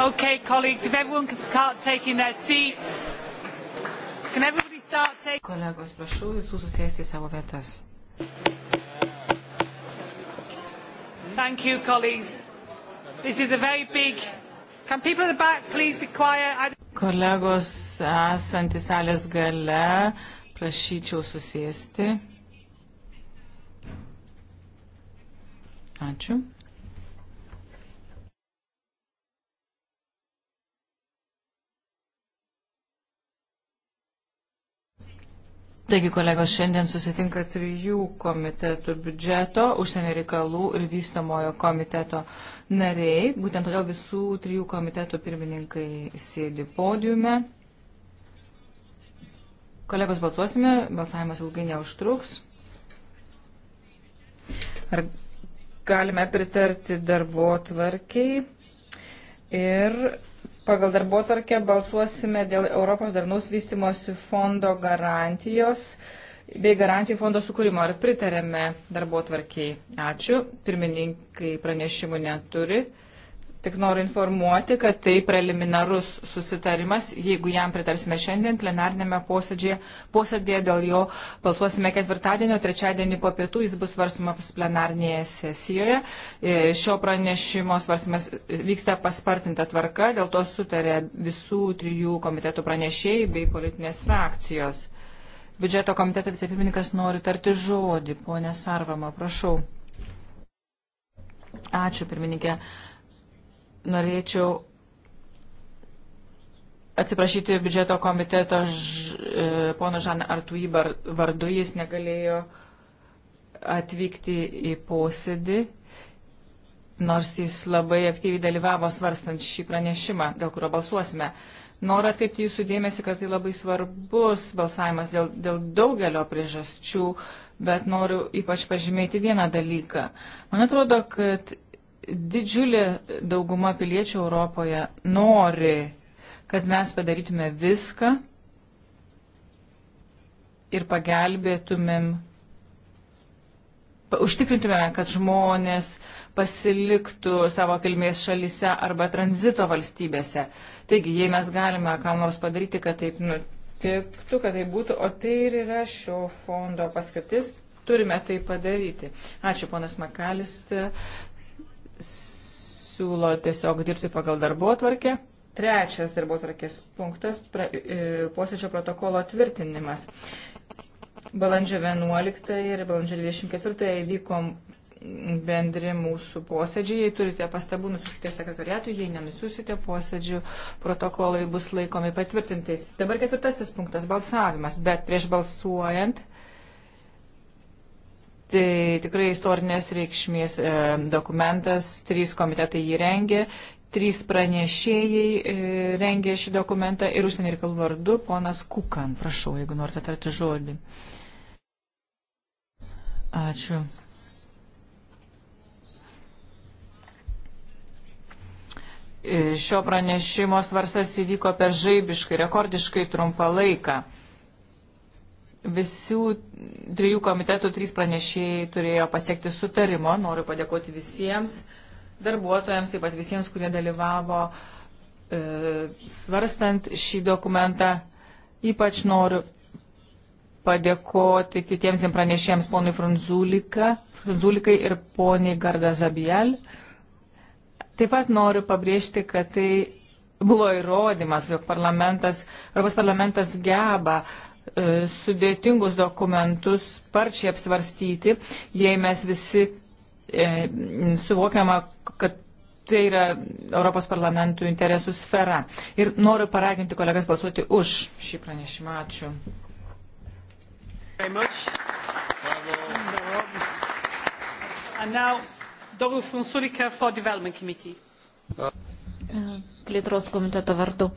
Okay, colleagues, if everyone can start taking their seats. Can everybody start taking... Kolegos, prašau visų susėsti į savo vietas. Thank you, colleagues. This is a very big... Can people at the back please be quiet? I... Kolegos, esantys salės gale, prašyčiau susėsti. Ačiū. Taigi, kolegos, šiandien susitinka trijų komitetų biudžeto, užsienio reikalų ir vystamojo komiteto nariai. Būtent todėl visų trijų komitetų pirmininkai sėdi podiume. Kolegos, balsuosime, balsavimas ilgai neužtruks. Ar galime pritarti darbo tvarkiai ir Pagal darbo tarkę balsuosime dėl Europos darnaus vystimosi fondo garantijos bei garantijų fondo sukūrimo. Ar pritarėme darbo tvarkiai? Ačiū. Pirmininkai pranešimų neturi. Tik noriu informuoti, kad tai preliminarus susitarimas, jeigu jam pritarsime šiandien plenarnėme posėdėje, posėdėje dėl jo balsuosime ketvirtadienio, trečiadienį po pietų jis bus svarstumas plenarnėje sesijoje. E, šio pranešimo svarstumas vyksta paspartinta tvarka, dėl to sutarė visų trijų komitetų pranešėjai bei politinės frakcijos. Biudžeto komiteto vicepirmininkas nori tarti žodį. Pone Sarvama, prašau. Ačiū, pirmininkė. Norėčiau atsiprašyti biudžeto komiteto ž, e, pono Žan Artui vardu, jis negalėjo atvykti į posėdį, nors jis labai aktyviai dalyvavo svarstant šį pranešimą, dėl kurio balsuosime. Noriu atkreipti jūsų dėmesį, kad tai labai svarbus balsavimas dėl, dėl daugelio priežasčių, bet noriu ypač pažymėti vieną dalyką. Man atrodo, kad Didžiulė dauguma piliečių Europoje nori, kad mes padarytume viską ir pagelbėtumėm, užtikrintumėme, kad žmonės pasiliktų savo kilmės šalyse arba tranzito valstybėse. Taigi, jei mes galime ką nors padaryti, kad taip nutiktų, kad tai būtų, o tai ir yra šio fondo paskirtis, turime tai padaryti. Ačiū, ponas Makalisti, siūlo tiesiog dirbti pagal darbo atvarkę. Trečias darbo atvarkės punktas pra, e, - posėdžio protokolo tvirtinimas. Balandžio 11 ir balandžio 24 vyko bendri mūsų posėdžiai. Jei turite pastabų, nusiusite sekretariatui, jei nenusiusite posėdžių, protokolai bus laikomi patvirtintais. Dabar ketvirtasis punktas - balsavimas. Bet prieš balsuojant Tai tikrai istorinės reikšmės e, dokumentas, trys komitetai jį rengė, trys pranešėjai e, rengė šį dokumentą ir užsienio reikalų vardu ponas Kukan. Prašau, jeigu norite tarti žodį. Ačiū. E, šio pranešimo svarstas įvyko per žaibiškai, rekordiškai trumpą laiką. Visių dviejų komitetų trys pranešėjai turėjo pasiekti sutarimo. Noriu padėkoti visiems darbuotojams, taip pat visiems, kurie dalyvavo e, svarstant šį dokumentą. Ypač noriu padėkoti kitiems pranešėjams ponui Franzulika, Franzulikai ir poniai Gardazabiel. Taip pat noriu pabrėžti, kad tai buvo įrodymas, jog parlamentas, Europos parlamentas geba E, sudėtingus dokumentus sparčiai apsvarstyti, jei mes visi e, suvokiama, kad tai yra Europos parlamentų interesų sfera. Ir noriu paraginti kolegas balsuoti už šį pranešimą. Ačiū. Plėtros komiteto vardu.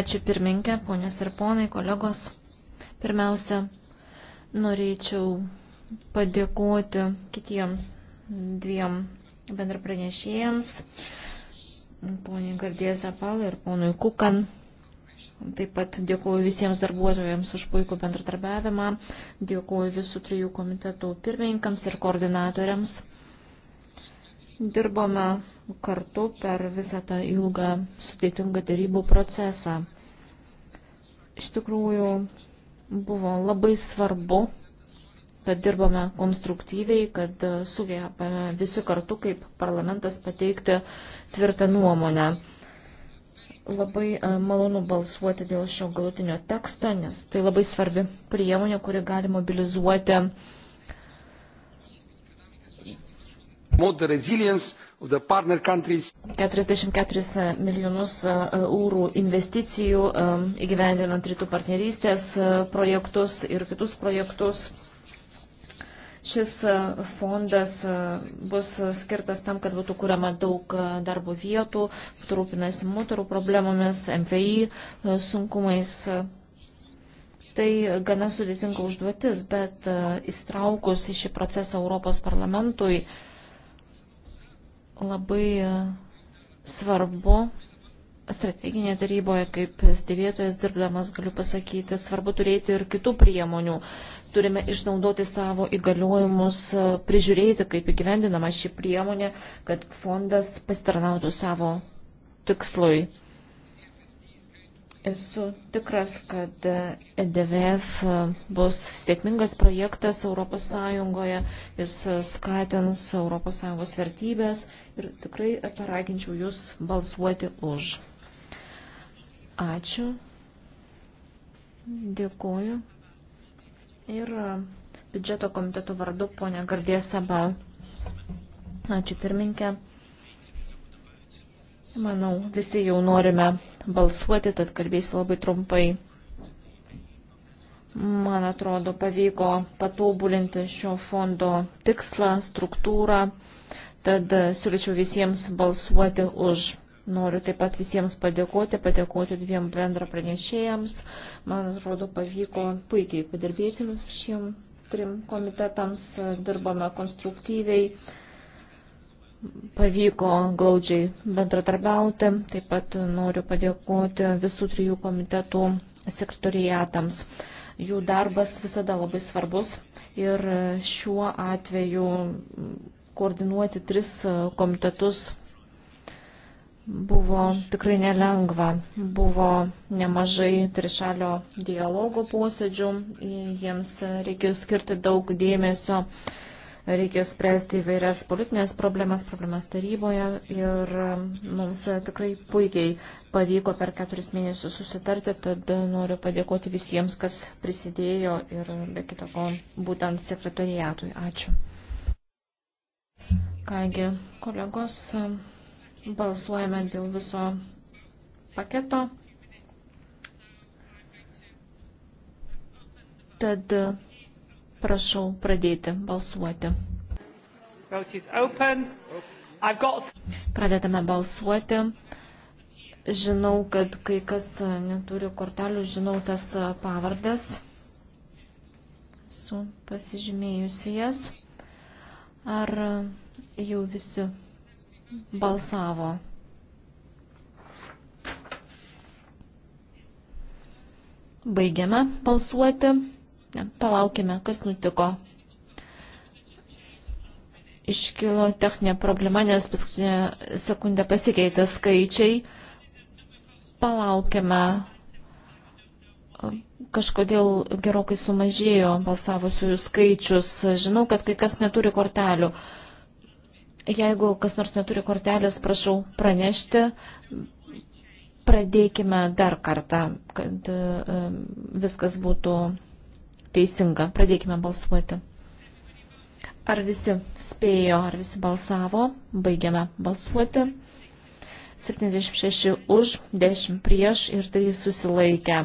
Ačiū pirmininkė, ponės ir ponai, kolegos. Pirmiausia, norėčiau padėkoti kitiems dviem bendrapranešėjams, poniai Gardė Zapal ir ponui Kukan. Taip pat dėkuoju visiems darbuotojams už puikų bendradarbiavimą, dėkuoju visų trijų komitetų pirmininkams ir koordinatoriams. Dirbome kartu per visą tą ilgą sudėtingą darybų procesą. Iš tikrųjų, buvo labai svarbu, kad dirbame konstruktyviai, kad sugebame visi kartu kaip parlamentas pateikti tvirtą nuomonę. Labai e, malonu balsuoti dėl šio galutinio teksto, nes tai labai svarbi priemonė, kuri gali mobilizuoti. More the resilience Countries... 44 e, milijonus e, e, eurų investicijų įgyvendinant rytų partnerystės projektus ir kitus projektus. Šis fondas bus skirtas tam, kad būtų kuriama daug darbo vietų, rūpinasi moterų problemomis, MVI sunkumais. Tai gana sudėtinga užduotis, bet įstraukus į šį procesą Europos parlamentui, uh, labai e, svarbu strateginėje taryboje, kaip stebėtojas dirbdamas, galiu pasakyti, svarbu turėti ir kitų priemonių. Turime išnaudoti savo įgaliojimus, e, prižiūrėti, kaip įgyvendinama ši priemonė, kad fondas pasitarnautų savo tikslui. Esu tikras, kad e DVF bus sėkmingas projektas ES, jis skatins ES vertybės ir tikrai paraginčiau Jūs balsuoti už. Ačiū. Dėkuoju. Ir biudžeto komiteto vardu ponia Gardė Sabal. Ačiū pirminkė. Manau, visi jau norime balsuoti, tad kalbėsiu labai trumpai. Man atrodo, pavyko patobulinti šio fondo tikslą, struktūrą, tad e, siūlyčiau visiems balsuoti už. Noriu taip pat visiems padėkoti, padėkoti dviem bendra pranešėjams. Man atrodo, pavyko puikiai padirbėti šiem trim komitetams, dirbame konstruktyviai pavyko glaudžiai bendradarbiauti. Taip pat noriu padėkoti visų trijų komitetų sekretorijatams. Jų darbas visada labai svarbus ir šiuo atveju koordinuoti tris komitetus buvo tikrai nelengva. Buvo nemažai trišalio dialogo posėdžių, jiems reikėjo skirti daug dėmesio Reikia spręsti įvairias politinės problemas, problemas taryboje ir um, mums tikrai puikiai pavyko per keturis mėnesius susitarti, tad noriu padėkoti visiems, kas prisidėjo ir be kitako būtent sekretoriatui. Ačiū. Kągi, kolegos, balsuojame dėl viso paketo. Tad Prašau pradėti balsuoti. Pradedame balsuoti. Žinau, kad kai kas e, neturi kortelių, žinau tas e, pavardas. Su pasižymėjusi jas. Ar e, jau visi balsavo? Baigiame balsuoti. Palaukime, kas nutiko. Iškilo techninė problema, nes paskutinę sekundę pasikeitė skaičiai. Palaukime. Kažkodėl gerokai sumažėjo balsavusiųjų skaičius. Žinau, kad kai kas neturi kortelių. Jeigu kas nors neturi kortelės, prašau pranešti. Pradėkime dar kartą, kad e, viskas būtų teisinga. Pradėkime balsuoti. Ar visi spėjo, ar visi balsavo? Baigiame balsuoti. 76 už, 10 prieš ir 3 susilaikę.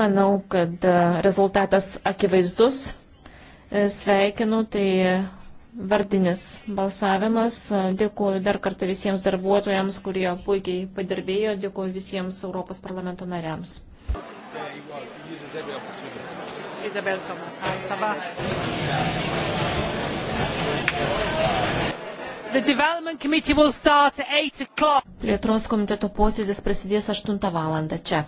Manau, kad e, rezultatas akivaizdus. E, sveikinu, tai vardinis balsavimas. E, dėkuoju dar kartą visiems darbuotojams, kurie puikiai padirbėjo. Dėkuoju visiems Europos parlamento nariams. Yeah, he was. He uses every opportunity. Isabel, comment ça va? The Development Committee will start at 8 o'clock. Plėtros komiteto posėdis prasidės 8 valandą čia.